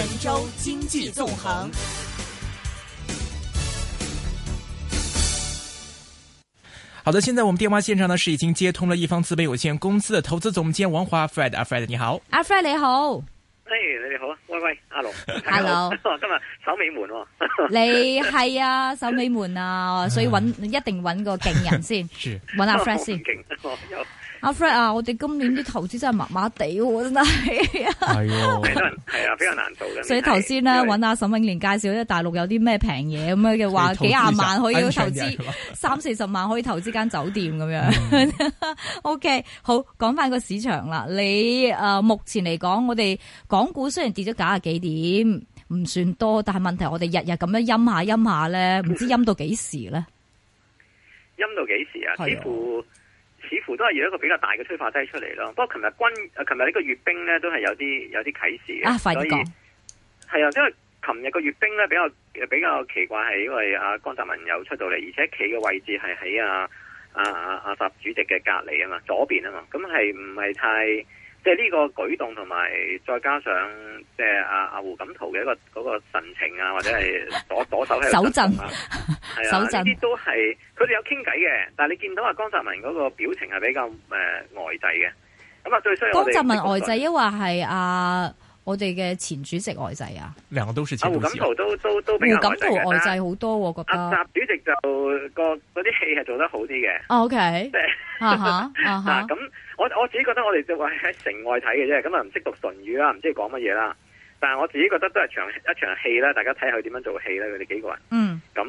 神州經濟縱橫。好的，現在我們電話線上呢是已經接通了億方資本有限公司的投資總監王華，Fred，阿 Fred 你好，阿 Fred 你好，哎、hey,，你好喂喂 Hello. Hello. Hello.、Oh, 啊，喂喂，Hello，Hello，今日守尾門哦，你係啊守尾門啊，所以揾、嗯、一定揾個勁人先，揾 阿 Fred 先。Oh, 阿 Fred 啊，我哋今年啲投資真係麻麻地，真係係啊，係啊、哦， 比較難做嘅。所以頭先咧，搵阿沈永年介紹咧，大陸有啲咩平嘢咁樣嘅，話幾廿萬可以投資， 三四十萬可以投資間酒店咁樣。嗯、 OK，好，講翻個市場啦。你誒、呃，目前嚟講，我哋港股雖然跌咗九十幾點，唔算多，但係問題我哋日日咁樣陰下陰下咧，唔 知陰到幾時咧？陰到幾時啊？幾乎。似乎都係有一個比較大嘅催化劑出嚟咯。不過琴日軍啊，琴日呢個閱兵咧都係有啲有啲啟示嘅、啊。所以，啲係啊，因為琴日個閱兵咧比較比較奇怪，係因為阿江澤民有出到嚟，而且企嘅位置係喺阿阿阿阿習主席嘅隔籬啊嘛，左邊啊嘛，咁係唔係太？即係呢個舉動，同埋再加上即係阿阿胡錦濤嘅一個嗰個神情啊，或者係左左手喺度 手震啊，係啊，手震呢啲都係佢哋有傾偈嘅。但係你見到阿江澤民嗰個表情係比較誒呆滯嘅。咁啊，最衰江澤民呆滯，抑或係我哋嘅前主席外制啊，兩個都是前主席，胡錦濤都都都比胡錦濤外制好多，覺得阿習、啊、主席就個嗰啲戲係做得好啲嘅、uh,，OK，即 係、uh-huh, uh-huh. 啊哈啊哈，咁我我自己覺得我哋就話喺城外睇嘅啫，咁啊唔識讀唇語啦，唔知講乜嘢啦。但係我自己覺得都係一場一場戲啦，大家睇下佢點樣做戲啦，佢哋幾個人。嗯。咁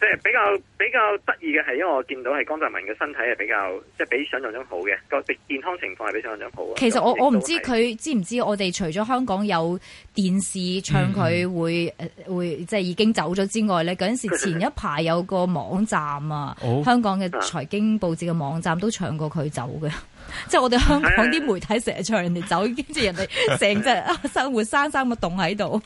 即係比較比較得意嘅係，因為我見到係江澤民嘅身體係比較即係比想象中好嘅，個健康情況係比想象中好。其實我我唔知佢知唔知我哋除咗香港有電視唱佢會、嗯、會，會即係已經走咗之外，呢嗰陣時前一排有個網站啊， 香港嘅財經報紙嘅網站都唱過佢走嘅。即係我哋香港啲媒體成日唱人哋走，跟住人哋成隻生活生生個洞喺度。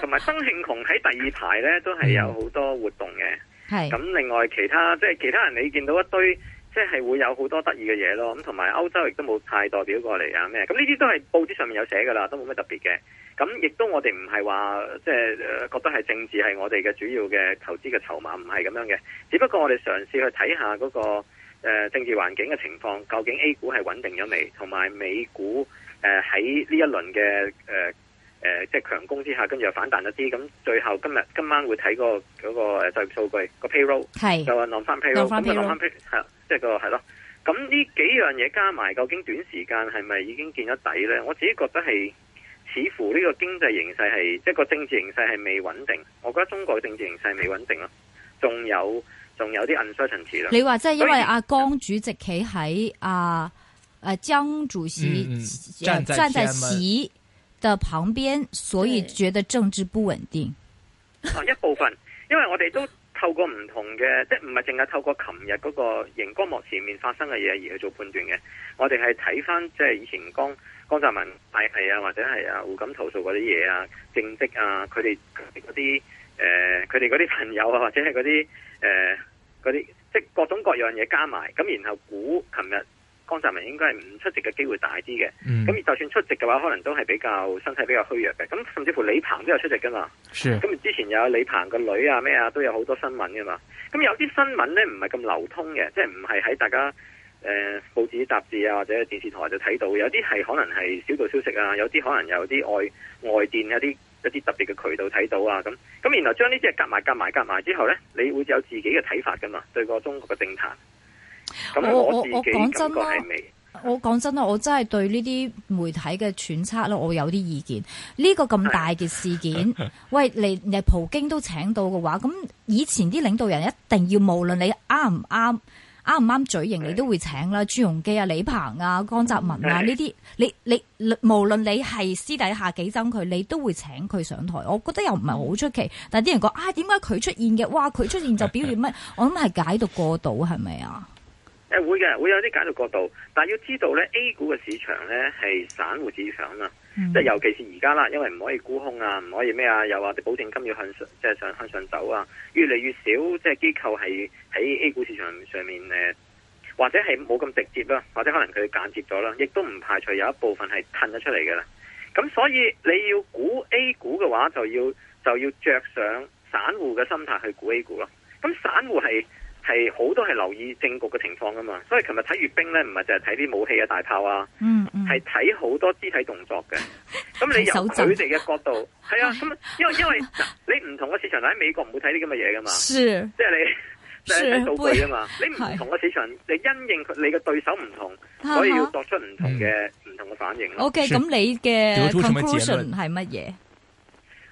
同埋曾慶紅喺第二排咧，都係有好多活動嘅。係咁，另外其他即係其他人，你見到一堆即係會有好多得意嘅嘢咯。咁同埋歐洲亦都冇派代表過嚟啊咩？咁呢啲都係報紙上面有寫噶啦，都冇咩特別嘅。咁亦都我哋唔係話即係覺得係政治係我哋嘅主要嘅投資嘅籌碼，唔係咁樣嘅。只不過我哋嘗試去睇下嗰個。誒、呃，政治環境嘅情況，究竟 A 股係穩定咗未？同埋美股，誒喺呢一輪嘅誒誒，即係強攻之下，跟住又反彈咗啲，咁、嗯、最後今日今晚會睇個嗰、那個就業、呃、數據個 payroll，就話 non-farm payroll，咁就 non-farm payroll，即係個係咯。咁呢幾樣嘢加埋，究竟短時間係咪已經見咗底咧？我自己覺得係，似乎呢個經濟形勢係，即、就、係、是、個政治形勢係未穩定。我覺得中國嘅政治形勢係未穩定咯，仲有。仲有啲 uncertainty 啦！你話即係因為阿江主席企喺阿誒江主席，真係死的旁邊，所以覺得政治不穩定。一部分，因為我哋都透過唔同嘅， 即係唔係淨係透過琴日嗰個熒光幕前面發生嘅嘢而去做判斷嘅。我哋係睇翻即係以前江江澤民派係啊，或者係啊胡錦濤做嗰啲嘢啊，政績啊，佢哋嗰啲。誒、呃，佢哋嗰啲朋友啊，或者係嗰啲誒、啲、呃、即係各種各樣嘢加埋，咁然後估琴日江澤民應該係唔出席嘅機會大啲嘅。咁、嗯、就算出席嘅話，可能都係比較身體比較虛弱嘅。咁甚至乎李鵬都有出席噶嘛。咁之前有李鵬個女啊咩啊都有好多新聞噶嘛。咁有啲新聞呢，唔係咁流通嘅，即係唔係喺大家誒、呃、報紙雜誌啊或者電視台就睇到。有啲係可能係小道消息啊，有啲可能有啲外外電有啲。有一啲特別嘅渠道睇到啊，咁咁然後將呢啲嘢夾埋夾埋夾埋之後呢，你會有自己嘅睇法㗎嘛？對個中國嘅政壇，我我講真啦，我講真啦，我真係對呢啲媒體嘅揣測啦，我有啲意見。呢個咁大嘅事件，喂，你嚟普京都請到嘅話，咁以前啲領導人一定要，無論你啱唔啱。啱唔啱嘴型你都會請啦朱鎔基啊李鵬啊江澤民啊呢啲你你無論你係私底下幾憎佢，你都會請佢上台，我覺得又唔係好出奇、嗯、但係啲人講啊點解佢出現嘅哇？佢出現就表現乜 我諗係解讀過度係咪啊？誒會嘅會有啲解讀過度，但係要知道咧 A 股嘅市場咧係散戶市場即、嗯、係尤其是而家啦，因為唔可以沽空啊，唔可以咩啊，又話啲保證金要向上，即係想向上走啊，越嚟越少，即係機構係喺 A 股市場上面誒，或者係冇咁直接咯，或者可能佢間接咗啦，亦都唔排除有一部分係褪咗出嚟嘅啦。咁所以你要估 A 股嘅話，就要就要着上散戶嘅心態去估 A 股咯。咁散戶係，係好多係留意政局嘅情況㗎嘛，所以琴日睇閱兵咧，唔係淨係睇啲武器啊、大炮啊，係睇好多肢體動作嘅。咁你由佢哋嘅角度，係 啊，咁因為因為你唔同嘅市場喺美國唔會睇啲咁嘅嘢噶嘛，即係你數據，啊嘛，你唔同嘅市場，你因應佢你嘅對手唔同，所以要作出唔同嘅唔同嘅、嗯、唔同嘅反應咯。OK，咁你嘅 conclusion 係乜嘢？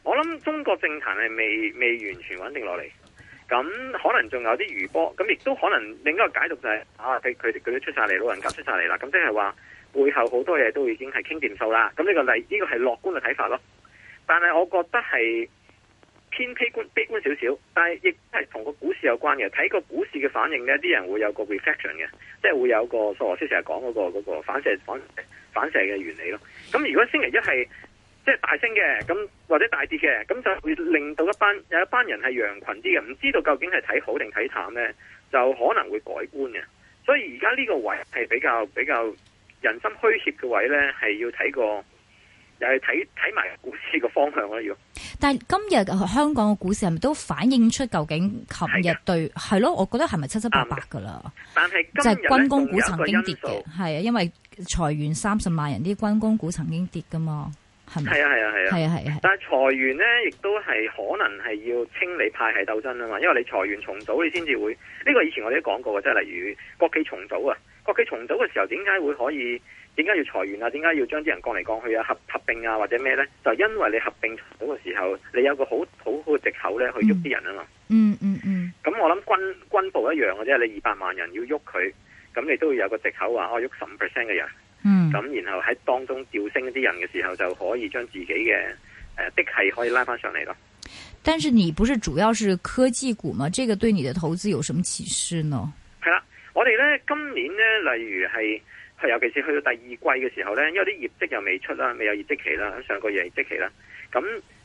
我諗中國政壇係未未完全穩定落嚟。咁可能仲有啲餘波，咁亦都可能另一個解讀就係、係、啊，佢佢佢都出晒嚟，老人家出晒嚟啦，咁即係話背後好多嘢都已經係傾掂數啦。咁呢個例呢、呢個係樂觀嘅睇法咯，但係我覺得係偏悲觀悲觀少少，但係亦都係同個股市有關嘅。睇個股市嘅反應呢，啲人會有個 reflection 嘅，即係會有個索羅斯成日講嗰個嗰、嗰個反射反反射嘅原理咯。咁如果星期一係，即係大升嘅，咁或者大跌嘅，咁就會令到一班有一班人係羊群啲嘅，唔知道究竟係睇好定睇淡咧，就可能會改觀嘅。所以而家呢個位係比較比較人心虛怯嘅位咧，係要睇個又係睇睇埋股市嘅方向咯。要但係今日香港嘅股市係咪都反映出究竟琴日對係咯？我覺得係咪七七八八噶啦？但係即係軍工股曾經跌嘅係啊，因為裁員三十萬人啲軍工股曾經跌噶嘛。係啊係啊係啊係啊係啊，啊，啊！但係裁員咧，亦都係可能係要清理派系鬥爭啊嘛。因為你裁員重組，你先至會呢、呢個以前我哋都講過，即係例如國企重組啊，國企重組嘅時候，點解會可以？點解要裁員啊？點解要將啲人降嚟降去啊？合合併啊，或者咩咧？就因為你合併重組嘅時候，你有個很很好好好嘅籍口咧，去喐啲人啊嘛。嗯嗯嗯。咁、嗯、我諗軍軍部一樣嘅啫，你二百萬人要喐佢，咁你都會有個籍口話，我喐十五 percent 嘅人。嗯，咁然後喺當中調升一啲人嘅時候，就可以將自己嘅誒的係可以拉翻上嚟咯。但是你不是主要是科技股嗎？這個對你的投資有什麼啟示呢？係啦，我哋今年呢，例如係尤其是去到第二季嘅時候呢，因為啲業績又未出啦，未有業績期啦，上個月業績期啦，咁。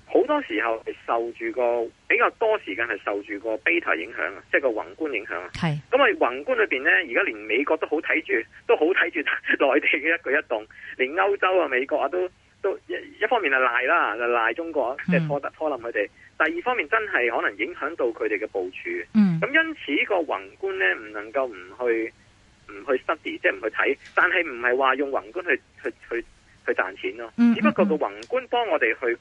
好多時候係受住個，比較多時間係受住個 beta 影響啊，即係個宏觀影響啊。係咁啊，宏觀裏邊咧，而家連美國都好睇住，都好睇住內地嘅一舉一動。連歐洲啊、美國啊都，都都一一方面係賴啦，就賴中國，即係拖得拖冧佢哋。第二方面真係可能影響到佢哋嘅部署。嗯，咁因此個宏觀咧，唔能夠唔去唔去 study，即係唔去睇。但係唔係話用宏觀去去去去賺錢咯。嗯。只不過個宏觀幫我哋去。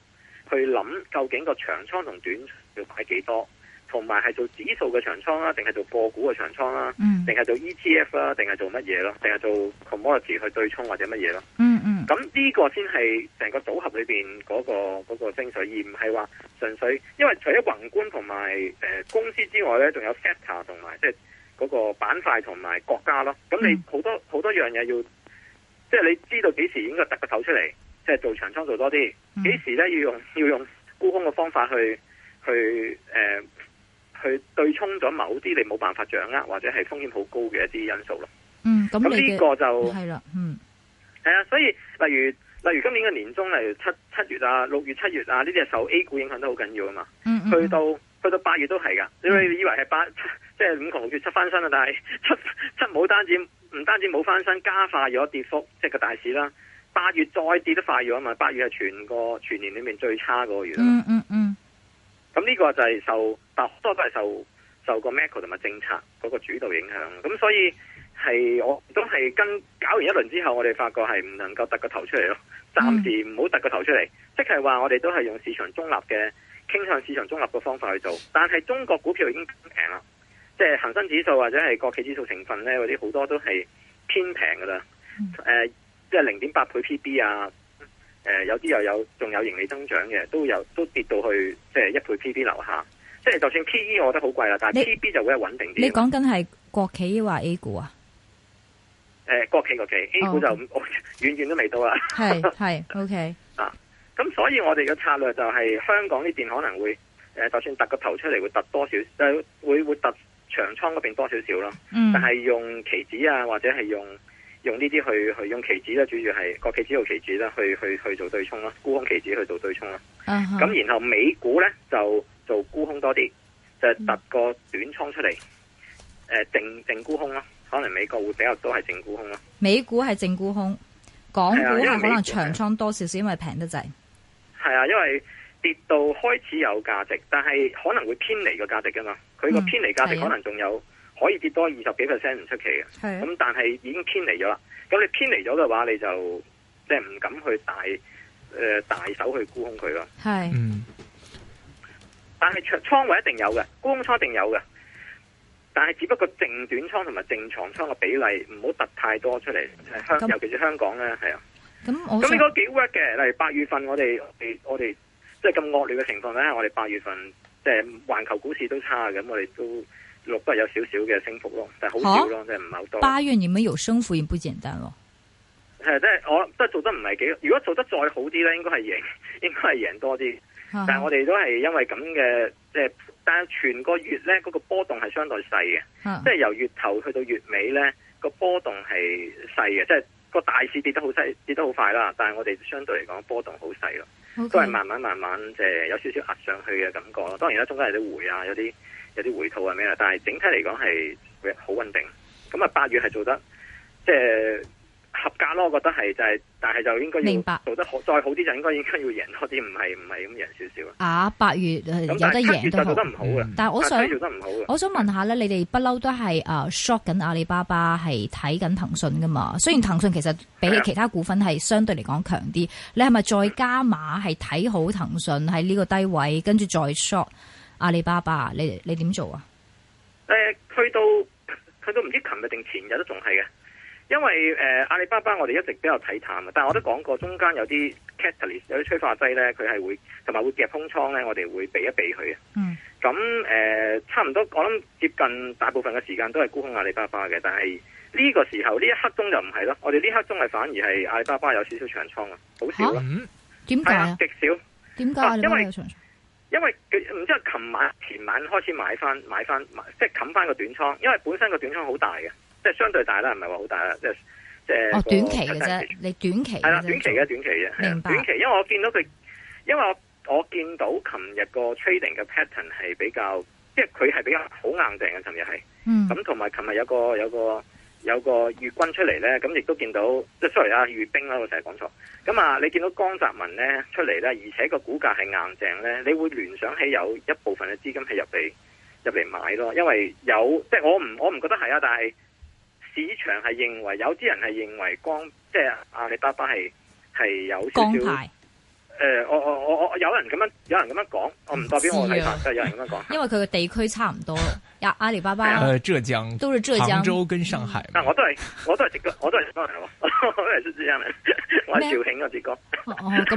去諗究竟個長倉同短要擺幾多，同埋係做指數嘅長倉啦，定係做個股嘅長倉啦，定係做 ETF 啦，定係做乜嘢咯？定係做 commodity 去對沖或者乜嘢咯？嗯嗯，咁呢個先係成個組合裏邊嗰、嗰個、嗰個精髓，而唔係話純粹，因為除咗宏觀同埋誒公司之外咧，仲有 sector 同埋即、就、係、是、嗰個板塊同埋國家咯。咁你好多好、mm-hmm. 多樣嘢要，即、就、係、是、你知道幾時應該突個手出嚟。即、就、係、是、做長倉做多啲，幾時咧要用要用沽空嘅方法去去誒、呃、去對沖咗某啲你冇辦法掌握或者係風險好高嘅一啲因素咯。嗯，咁呢個就係啦，嗯，係啊，所以例如例如今年嘅年中，例如七七月啊、六月七月啊，呢啲係受 A 股影響都好緊要啊嘛、嗯嗯。去到去到八月都係噶、嗯，你以為係八七即係五窮六月七翻身啊？但係七七冇單止唔單止冇翻身，加快咗跌幅，即係個大市啦、啊。八月再跌得快咗啊嘛！八月係全個全年裏面最差個月。嗯嗯。咁呢個就係受，但好多都係受受個 macro 同埋政策嗰個主導影響。咁所以係我都係跟搞完一輪之後，我哋發覺係唔能夠突個頭出嚟咯。暫時唔好突個頭出嚟，即係話我哋都係用市場中立嘅傾向、市場中立嘅方法去做。但係中國股票已經平啦，即係恒生指數或者係國企指數成分咧，嗰啲好多都係偏平噶啦。誒、嗯。呃即係零點八倍 PB 啊，誒、呃，有啲又有，仲有盈利增長嘅，都有都跌到去即係一倍 PB 樓下。即係就算 PE 我覺得好貴啦，但係 PB 就會穩定啲。你講緊係國企話 A 股啊？誒、呃，國企國企、oh. A 股就我遠遠都未到啦。 係係 OK 啊，咁所以我哋嘅策略就係香港呢邊可能會誒、呃，就算突個頭出嚟會突多少，就會會突長倉嗰邊多少少咯。Mm. 但係用期指啊，或者係用。用呢啲去去用期指咧，主要係國企指數期指啦，去去去做對沖啦，沽空期指去做對沖啦。咁、uh-huh. 然後美股咧就做沽空多啲，就突個短倉出嚟，誒定定沽空咯、啊。可能美國會比較多係正沽空咯、啊。美股係正沽空，港股係、yeah, 可能長倉多少少，yeah. 因為平得滯。係啊，因為跌到開始有價值，但係可能會偏離個價值噶嘛。佢個偏離價值可能仲有、uh-huh.。可以跌多二十幾 percent 唔出奇嘅，咁、啊、但係已經偏離咗啦。咁你偏離咗嘅話，你就即係唔敢去大誒、呃、大手去沽空佢咯。係，嗯。但係倉位一定有嘅，沽空倉一定有嘅。但係只不過淨短倉同埋淨長倉嘅比例唔好突太多出嚟。香、嗯嗯，尤其是香港咧，係、嗯、啊。咁咁應該幾 work 嘅。例如八月、就是、月份，我哋我哋即係咁惡劣嘅情況咧，我哋八月份即係環球股市都差嘅，咁我哋都。六都係有少少嘅升幅咯，但係好少咯，即係唔係好多。八月你們有升幅已不簡單咯，係即係我都做得唔係幾。如果做得再好啲呢，應該係贏，應該係贏多啲、啊。但係我哋都係因為咁嘅，即、就、係、是、但係全個月呢嗰、那個波動係相對細嘅，即、啊、係、就是、由月頭去到月尾呢、那個波動係細嘅，即、就、係、是、個大市跌得好細，跌得好快啦。但係我哋相對嚟講波動好細咯。Okay. 都係慢慢慢慢，即係有少少壓上去嘅感覺咯。當然啦，中間有啲回啊，有啲有啲回吐啊咩啦，但係整體嚟講係好穩定。咁啊，八月係做得即係。即係合格咯，我覺得係就係，但係就應該明白，做得好，再好啲就應該應該要贏多啲，唔係唔係咁贏少少啊！八月有得贏、嗯，但係七月做得唔好，但係我想，我想問下咧，你哋不嬲都係啊 short 緊阿里巴巴，係睇緊騰訊噶嘛？雖然騰訊其實比起其他股份係相對嚟講強啲，你係咪再加碼，係睇好騰訊喺呢個低位，跟住再 short 阿里巴巴？你你點做啊？誒、呃，去到去到唔知琴日定前日都仲係嘅。因為誒、呃、阿里巴巴我哋一直都比較睇淡啊，但係我都講過中間有啲 catalyst 有啲催化劑咧，佢係會同埋會夾空倉咧，我哋會避一避佢啊。嗯，咁誒、呃、差唔多我諗接近大部分嘅時間都係沽空阿里巴巴嘅，但係呢個時候呢一刻鐘就唔係咯，我哋呢一刻鐘係反而係阿里巴巴有少少長倉啊，好少咯。點解啊？極少。點解啊？因為因為唔知係琴晚前晚開始買翻買翻，即係冚翻個短倉，因為本身個短倉好大嘅。即係相對大啦，唔係話好大啦，即係即係。哦，短期嘅啫，你短期係啦，短期嘅，短期嘅。明白。短期因，因為我見到佢，因為我我見到琴日個 trading 嘅 pattern 係比較，即係佢係比較好硬淨嘅。琴日係，嗯。咁同埋琴日有個有個有個閱軍出嚟咧，咁亦都見到，即係 sorry 啊，閱兵啦，我成日講錯。咁、嗯、啊，你見到江澤民咧出嚟咧，而且個股價係硬淨咧，你會聯想起有一部分嘅資金係入嚟入嚟買咯，因為有，即係我唔我唔覺得係啊，但係。市場係認為，有啲人係認為光即係、就是、阿里巴巴係係有少少。誒、欸，我我我我有人咁樣，有人咁樣講，我唔代表我睇法，但係有人咁樣講。啊、因為佢個地區差唔多，阿阿里巴巴、 啊，浙江，都係浙江，杭州跟上海。嗱、嗯，我都係，我都係浙江，我都係浙江，我係肇慶個浙江。咁、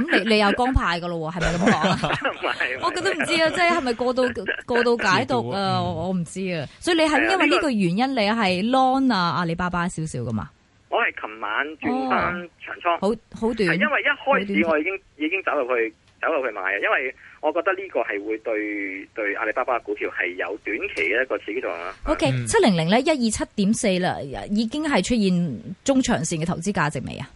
哦、你你又江派噶咯？係咪咁講？ 不是 我覺得唔知啊，即係係咪過度過度解讀啊？我唔知啊、嗯，所以你係因為呢個原因，你係 long 啊阿里巴巴少少噶嘛？我係琴晚轉翻長倉，哦，好好短，係因為一開始我已經已經走入去走入去買嘅，因為我覺得呢個係會對對阿里巴巴股票係有短期嘅一個刺激作用啊。O K，七零零咧一二七點四啦，已經係出現中長線嘅投資價值未啊？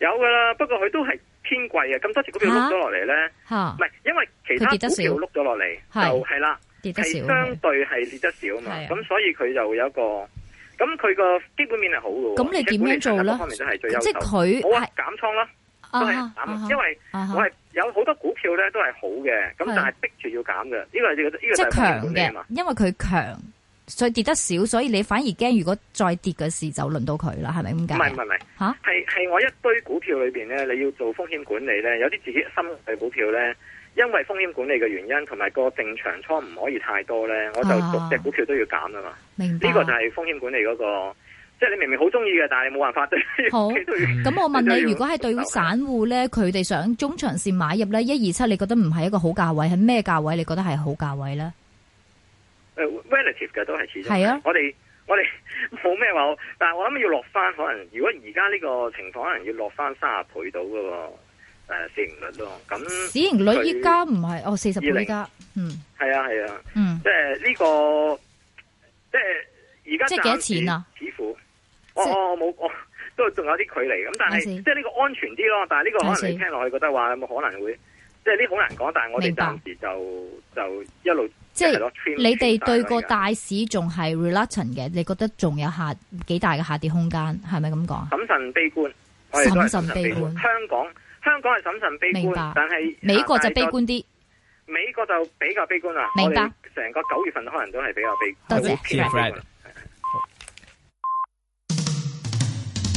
有噶啦，不過佢都係偏貴啊。咁多隻股票碌咗落嚟，咧，吓，唔係因為其他股票碌咗落嚟，係係啦，跌得少，相對係跌得少啊嘛。咁所以佢就有一個。咁佢個基本面係好喎，咁你點樣做咧？即係佢，我減倉啦，都、啊啊、因為我係有好多股票咧都係好嘅，咁、啊、但係逼住要減嘅，呢、這個呢個係強嘅，因為佢強，所以跌得少，所以你反而驚如果再跌嘅事就輪到佢啦，係咪咁解？唔係唔係係吓係係我一堆股票裏邊咧，你要做風險管理咧，有啲自己心嘅股票咧。因為風險管理嘅原因，同埋個淨長倉唔可以太多咧、啊，我就逐隻股票都要減噶嘛。明呢、這個就係風險管理嗰、那個，即、就、係、是、你明明好中意嘅，但係你冇辦法對。好，咁、 嗯、我問你， 如果係對於散戶咧，佢 哋想中長線買入咧，一二七你覺得唔係一個好價位，係咩價位你覺得係好價位咧？誒、uh,，relative 嘅都係始終係啊。我哋我哋冇咩話，但係我諗要落返，可能如果而家呢個情況，可能要落返三十倍度噶。誒，市盈率咯，咁市盈率依家唔係哦，四十倍依家，嗯，係啊係啊，嗯、啊，即係、這、呢個，即係而家即係幾多錢啊？似乎，我我冇我都仲有啲距離嘅，咁但係即係呢個安全啲咯，但係呢個可能你聽落去覺得話有冇可能會，即係呢好難講，但係我哋當時就就一路即係，你哋對個大市仲係 reluctant 嘅，你覺得仲有下幾大嘅下跌空間？係咪咁講啊？謹慎悲觀，謹慎悲觀，香港。香港係審慎悲觀，但係美國就悲觀啲，美國就比較悲觀啦。美國明白，成個九月份可能都係比較悲，多謝、okay、悲觀。對。